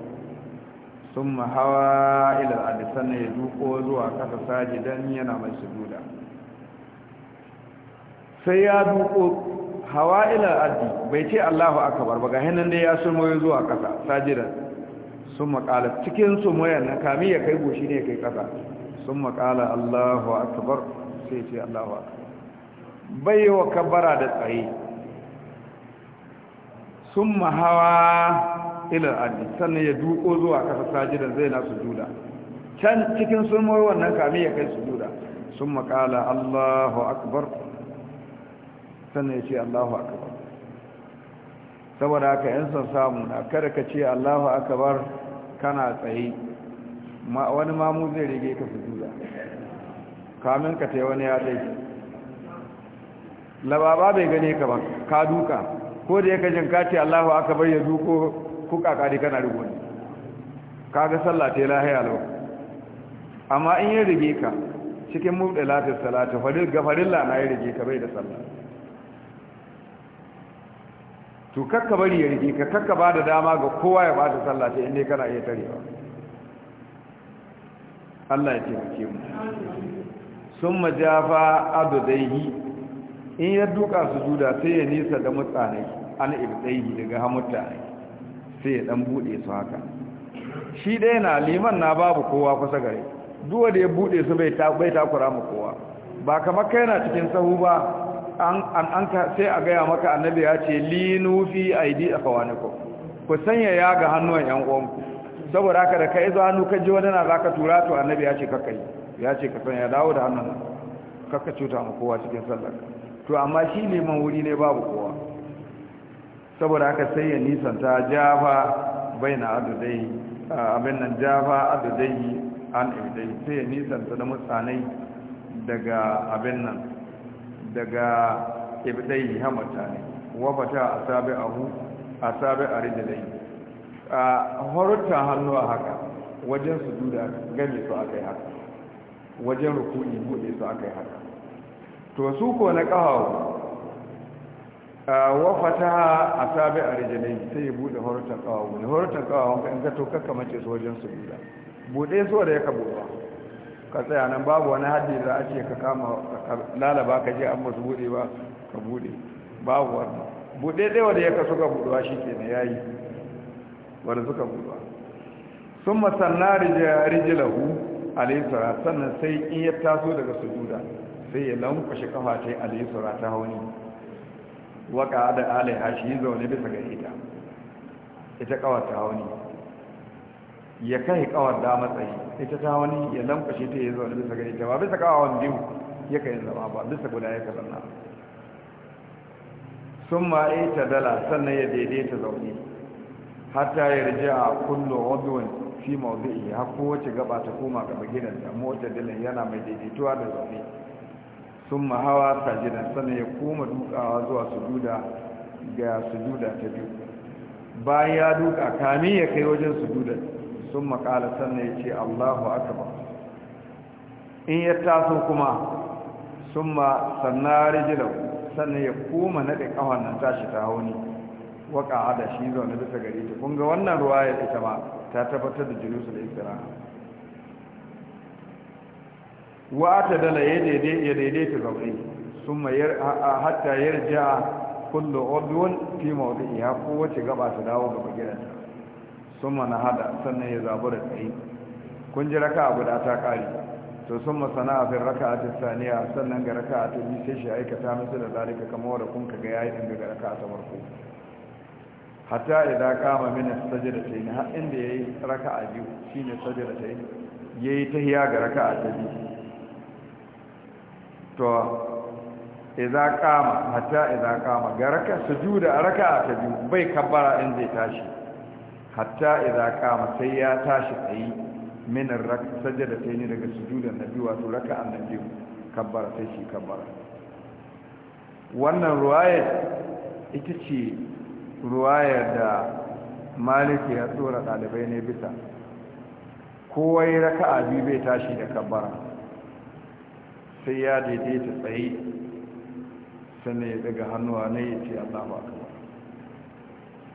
sun hawa ilar adisan ya duko zuwa kasa saji don yana mai sujuda sai ya duko hawa ilal ardi bai ce Allahu akbar ba ga hinan da ya sulmoyo zuwa kasa sajidan sun makala cikin sulmoyan na kami ya kai goshi ne kai kasa sun makala Allahu akbar sai ce Allahu akabar bai wa kabbara da tsaye sun hawa ilal ardi sannan ya duko zuwa kasa sajidan zai na su sujuda can cikin sulmoyo wannan kami ya kai su sujuda sun makala Allahu akbar sannan ya ce allahu akabar saboda haka yan son samu na kada ka ce allahu akabar kana tsaye wani mamu zai rige ka zuwa kamin ka tai wani ya tsaye lababa bai gane ka ba ka duka ko da ya ka jin ka allahu akabar ya duko kuka kadi kana rigo ne ga sallah ta lahiya lau amma in ya rige ka cikin mubdalatis salatu farilla na ya rige ka bai da sallah to kakka bari ya rike ka kakka ba da dama ga kowa ya ba da sallah sai inda kana iya tarewa Allah ya taimake mu sun majafa abdaihi in ya duka su juda sai ya nisa da mutsanai an ibdaihi daga hamutane sai ya dan bude su haka shi dai na liman na babu kowa kusa gare duwa da ya bude su bai takura mu kowa ba kamar kai na cikin sahu ba an an sai a gaya maka annabi ya ce linu fi aidi a kawaniku ku sanya ya ga hannuwan yan ku saboda haka da kai zuwa hannu ka ji wani na za ka tura to annabi ya ce ka kai ya ce ka sanya dawo da hannun nan ka cuta mu kowa cikin sallar to amma shi ne man wuri ne babu kowa saboda haka sai ya ta jafa bai na adudai abin nan jafa adudai an ibdai sai ya ta da mutsanai daga abin nan daga ibdai ha mutane wafata a sabi ahu a sabi a rijilai a horutun hannu a haka wajen su duda game su aka yi haka wajen rukuni buɗe su aka yi haka to su ko na ƙahawo wafata a sabi a rijilai sai ya buɗe kawo ƙahawo ne horutun kawo in ka to kakka mace su wajen su duda buɗe su da ya ka buɗe ka tsaya nan babu wani haddi da ake ka kama lalaba ka je an masu bude ba ka bude babu wani bude dai wanda ya ka suka buduwa shi ke na yayi wanda suka buduwa sun masanna rijilahu alaisura sannan sai in ya taso daga sujuda sai ya lankwashe kafa ta yi alaisura ta hauni waka da alaiha shi zaune bisa ga ita ita kawata hauni ya kai kawar da matsayi ita ta wani ya lankwashe ta ya zo da bisa gani ta ba bisa wani biyu ya kai zama ba bisa guda ya na sun ma ta dala sannan ya daidaita zaune ta yi rije a kullu wadon fi iya har kowace gaba ta koma ga maginan da mota dalin yana mai daidaituwa da zaune sun ma hawa sajidan sannan ya koma dukawa zuwa sujuda ga sujuda ta biyu bayan ya duka kami ya kai wajen sujudan sun makala sannan ya ce allahu akaba. in ya taso kuma sun ma sannan rijilau sannan ya koma naɗe ƙawon nan tashi ta hauni waka hada shi zaune bisa gari ta kunga wannan ruwa ya ita ma ta tabbatar da da isra wa ta dala ya daidaita zaune sun ma hatta yarja kullu udwun fi mawdi'iha ya wace gaba ta dawo gaba gidanta sun na hada sannan ya zabu da tsaye kun ji raka guda ta kari to sun sana'a a fin raka a tattaniya sannan ga raka a tabi sai shi aikata musu da zalika kama wadda kun ka ga yayi inda ga raka a ta farko hatta idan kama mini da ta yi har inda ya yi raka a biyu shi ne da ta yi ya yi ta ga raka a tabi to idan kama hatta idan kama ga raka sujuda a raka a ta biyu bai kabbara in zai tashi hatta idza qama sai ya tashi tsayi min ar-rak sajada sai ne daga sujudan nabi wato raka annabi kabbara sai shi kabbara wannan ruwaya ita ce ruwaya da maliki ya tsora dalibai ne bisa Kowai raka abi bai tashi da kabbara sai ya daidaita tsaye sannan ya daga hannuwa ne ya ce allahu akbar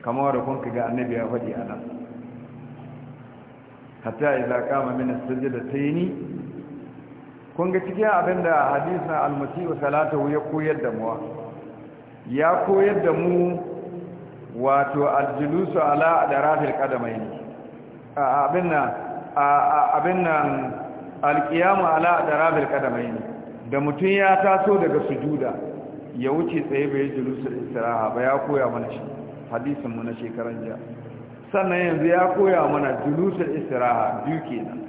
kamar da kun ga annabi ya faɗi a nan hatta idza qama min as-sajdatayn kun ga cikin abinda hadisin al wa salatu ya koyar da mu ya koyar da mu wato al-julusu ala adrafil qadamayn abinna abinna al-qiyamu ala adrafil ne. da mutun ya taso daga sujuda ya wuce tsaye bai julusu istiraha ba ya koya mana shi hadisin mu na shekaran jiya sannan yanzu ya koya mana julusul istiraha biyu kenan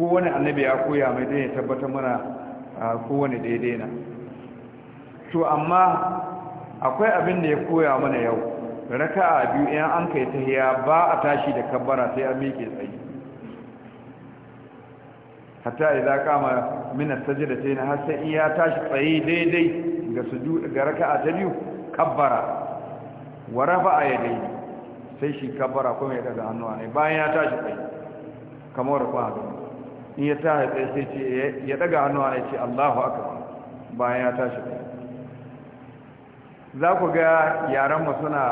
wani annabi ya koya mai dai ya tabbatar mana wani daidai na to amma akwai abin da ya koya mana yau raka'a biyu in an kai tahiya ba a tashi da kabbara sai an miƙe tsayi hatta idan kama min da sajdatayn har sai ya tashi tsayi daidai ga sujud ga raka'a ta biyu kabbara wa rafa'a yadayhi sai shi kabbara kuma ya daga hannuwa ne bayan ya tashi tsaye kamar rufa haka in ya tashi tsaye sai ce eh, ya daga hannuwa ne ce Allahu aka bayan ya tashi tsaye za ku ga yaran mu suna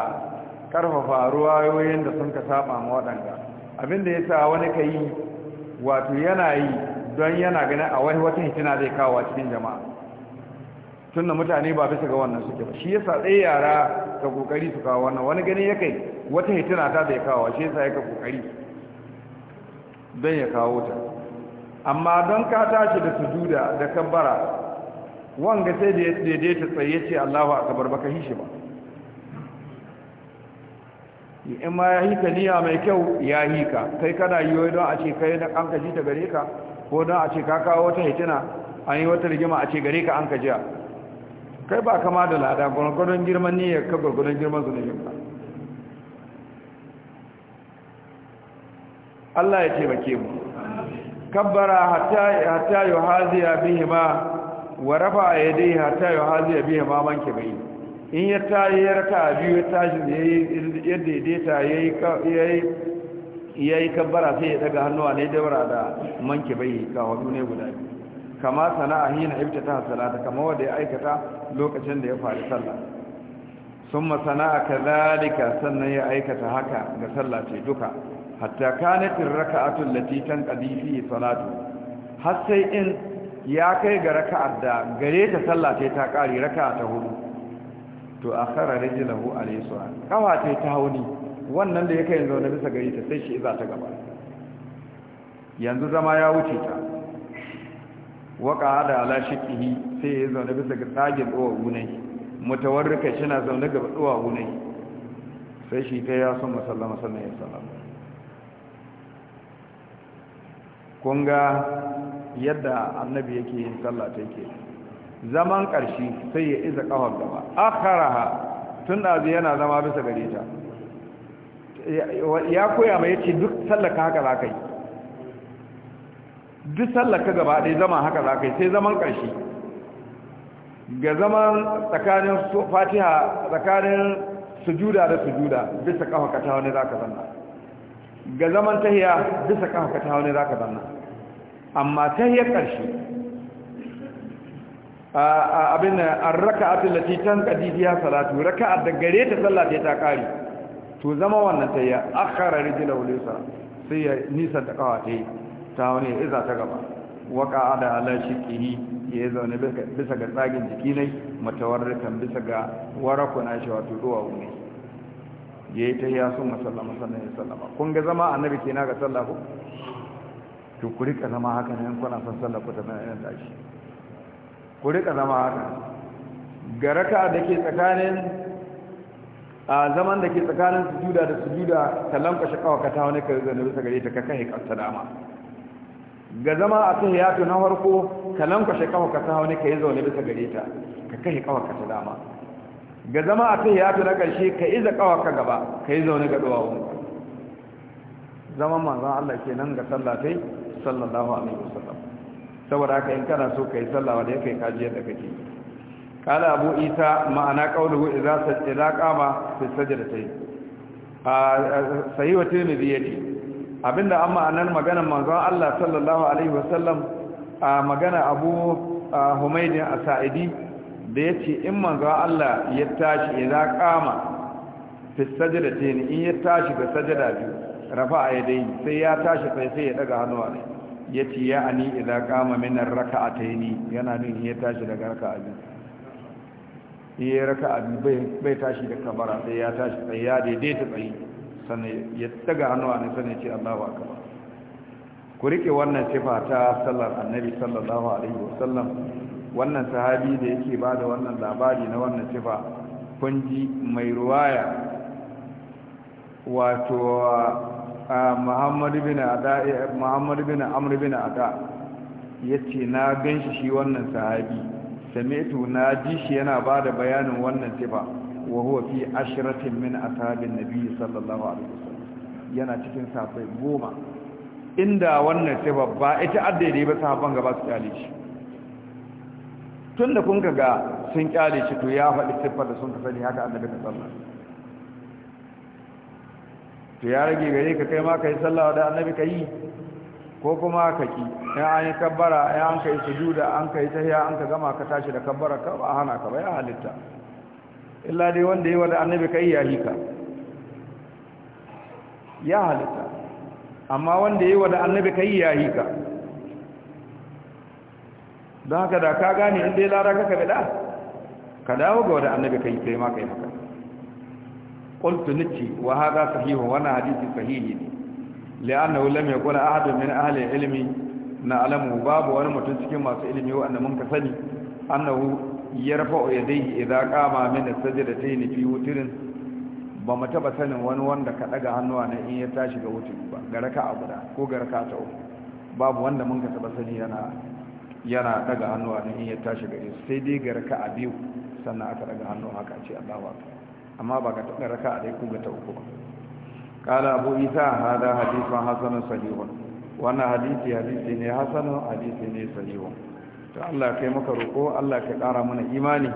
karfafa ruwayoyin da sun ka saba ma waɗanda abinda ya sa wani ka yi wato yana yi don yana ganin a wani wata hitina zai kawo cikin jama'a tunda mutane ba bisa ga wannan suke ba shi yasa tsaye yara ka kokari su kawo wannan wani gani ya kai wata hitina ta da ya kawo shi yasa ya ka kokari don ya kawo ta amma don ka tashi da sujuda da kabbara wanga sai da ya daidaita tsaye ce Allahu akbar baka hishi ba in ma ya hika niyya mai kyau ya hika kai kana yi don a ce kai an ka ji ta gare ka ko don a ce ka kawo wata hitina an yi wata rigima a ce gare ka an ka jiya kai ba kama da lada gwargwadon girman ne ya kai gwargwadon girman su zunubin ba Allah ya taimake mu kabbara hatta ya yuhaziya ma wa rafa yadayhi hatta yuhaziya ma manke kibai in ya yi ya a biyu ya tashi yayi yadda ya deta ya yi kabbara sai ya daga hannuwa ne dabara da manke bai kawo wadu ne guda kama sana'a hina ibtata salata kama wanda ya aikata lokacin da ya faru sallah sun masana a kazalika sannan ya aikata haka ga sallah ce duka hatta kanatin raka'atun latitan qadifi salatu har sai in ya kai ga raka'ar da gare ta sallah ce ta kare raka'a ta hudu to akhara rijlahu alayhi salam kawa ce ta hauni wannan da yake yanzu na bisa gari ta sai shi za ta gaba yanzu zama ya wuce ta waka da ala shiqihi sai ya zaune bisa ga tsagin ɗuwa gunai mutawarrika shi na zaune ga ɗuwa gunai sai shi ta yaso masallama sannan ya sallama Kunga yadda annabi yake yin sallah ta ke zaman ƙarshe sai ya iza ƙawar gaba akharaha tun da yana zama bisa gare ta ya koya mai yace duk ka haka za ka yi duk sallaka gaba ɗaya zama haka za ka yi sai zaman ƙarshe ga zaman tsakanin fatiha tsakanin sujuda da sujuda bisa kafa kata wani za ka zanna ga zaman tahiya bisa kafa kata wani za ka zanna amma tahiyar ƙarshe abin da an raka atin latitan ƙadidiyar salatu raka a dagare ta tsallata ta ƙari to zama wannan tahiya a akara jina wulisa sai ya nisan ta kawa ta yi ta wani iza ta gaba waka ada ala shikihi ya zaune bisa ga tsagin jiki ne matawarrikan bisa ga waraku na shi wato duwawu ne ya yi ta yi sun masallama sannan ya sallama kun ga zama annabi na na ga sallah to ku rika zama haka ne kuna son sallah ku ta mai irin tashi ku rika zama haka ga raka da ke tsakanin a zaman da ke tsakanin sujuda da sujuda ka lankwashe kawa ka ta wani ka zane bisa gare ta ka kai ta dama ga zama a tahiyatu na harko ka lankwashe kafa ka ta hauni ka yi zaune bisa gare ta ka kashe kafa ka ta dama ga zama a tahiyatu na ƙarshe ka iza kafa ka gaba ka yi zaune ga duwawu zaman zan Allah ke nan ga sallatai, sallallahu alaihi wasallam saboda haka in kana so kai sallah wanda yake kajiyar da kake قال أبو إيسى معنى قوله إذا سجد إذا قام في السجدتين صحيح الترمذي abinda an ma'anar maganar manzon Allah sallallahu alaihi wasallam a magana abu humaydin asa'idi da yace in manzon Allah ya tashi idan kama fi sajdatayn in ya tashi ga sajada biyu rafa'a yadayhi sai ya tashi sai sai ya daga hannuwa ne yace ya ani idan kama min raka'atayn yana nin ya tashi daga raka'a biyu in ya raka'a biyu bai tashi da kabara sai ya tashi sai ya daidaita tsayi sannan ya daga hannu a ne ya ce Allahu akaba ku rike wannan sifa ta sallar annabi sallallahu alaihi wasallam wannan sahabi da yake ba da wannan labari na wannan sifa kun ji mai ruwaya wato Muhammad bin Ada Muhammad bin Amr bin Ada yace na ganshi shi wannan sahabi sami'tu na ji shi yana ba da bayanin wannan sifa wa huwa fi ashratin min ashabin nabi sallallahu alaihi wasallam yana cikin safai goma inda wannan sai babba ita da ba sahabban gaba su kyale shi tunda kun ga sun kyale shi to ya faɗi siffar da sun ka sani haka annabi ka sallah to ya rage gare ka kai ma kai sallah da annabi ka yi ko kuma ka ki in an yi kabbara in an kai sujuda an kai tahiya an ka gama ka tashi da kabbara ka ba hana ka ba ya halitta illa dai wanda wa da annabi kai ya hika ya halitta amma wanda wa da annabi kai ya hika don haka da ka gane inda ya lara kaka bida ka dawo ga wanda annabi kai yi ma kai haka qultu nici wa hadha sahihu wa na hadisi sahihi ne li'annahu lam yakun ahadun min ahli ilmi na alamu babu wani mutum cikin masu ilimi wanda mun ka sani annahu yarfa yadayhi idza qama min as-sajdatayn fi wutrin ba mu taba sanin wani wanda ka ɗaga hannuwa na in ya tashi ga wutri ba ka a guda ko gara raka'a ta uku babu wanda mun ka taba sani yana yana daga hannuwa na in ya tashi ga su sai dai ka a biyu sannan aka daga hannu haka ce Allahu akbar amma ba ga ka a dai ko ga ta uku ba qala abu isa hada hadithun hasanun sahihun wannan hadisi hadisi ne hasanun hadisi ne sahihun to Allah kai maka roƙo Allah ka ƙara mana imani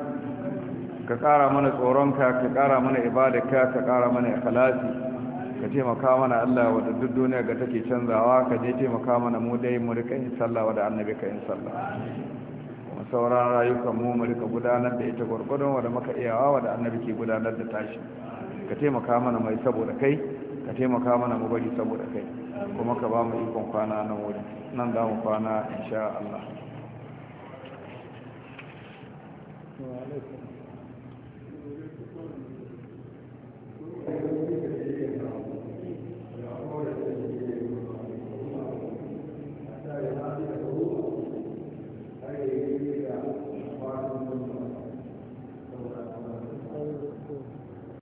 ka ƙara mana tsoronka ka ƙara mana ibada, ka ƙara mana ikhlasi ka taimaka mana Allah wadda duk duniya ga take canzawa ka je taimaka mana mu dai mu rika yin sallah wadda annabi ka yin sallah mu sauran rayukan mu mu rika gudanar da ita gwargwadon wadda maka iyawa wadda annabi ke gudanar da tashi ka taimaka mana mai saboda kai ka taimaka mana mu bari saboda kai kuma ka ba mu ikon kwana nan wuri, nan za mu kwana insha Allah وعليكم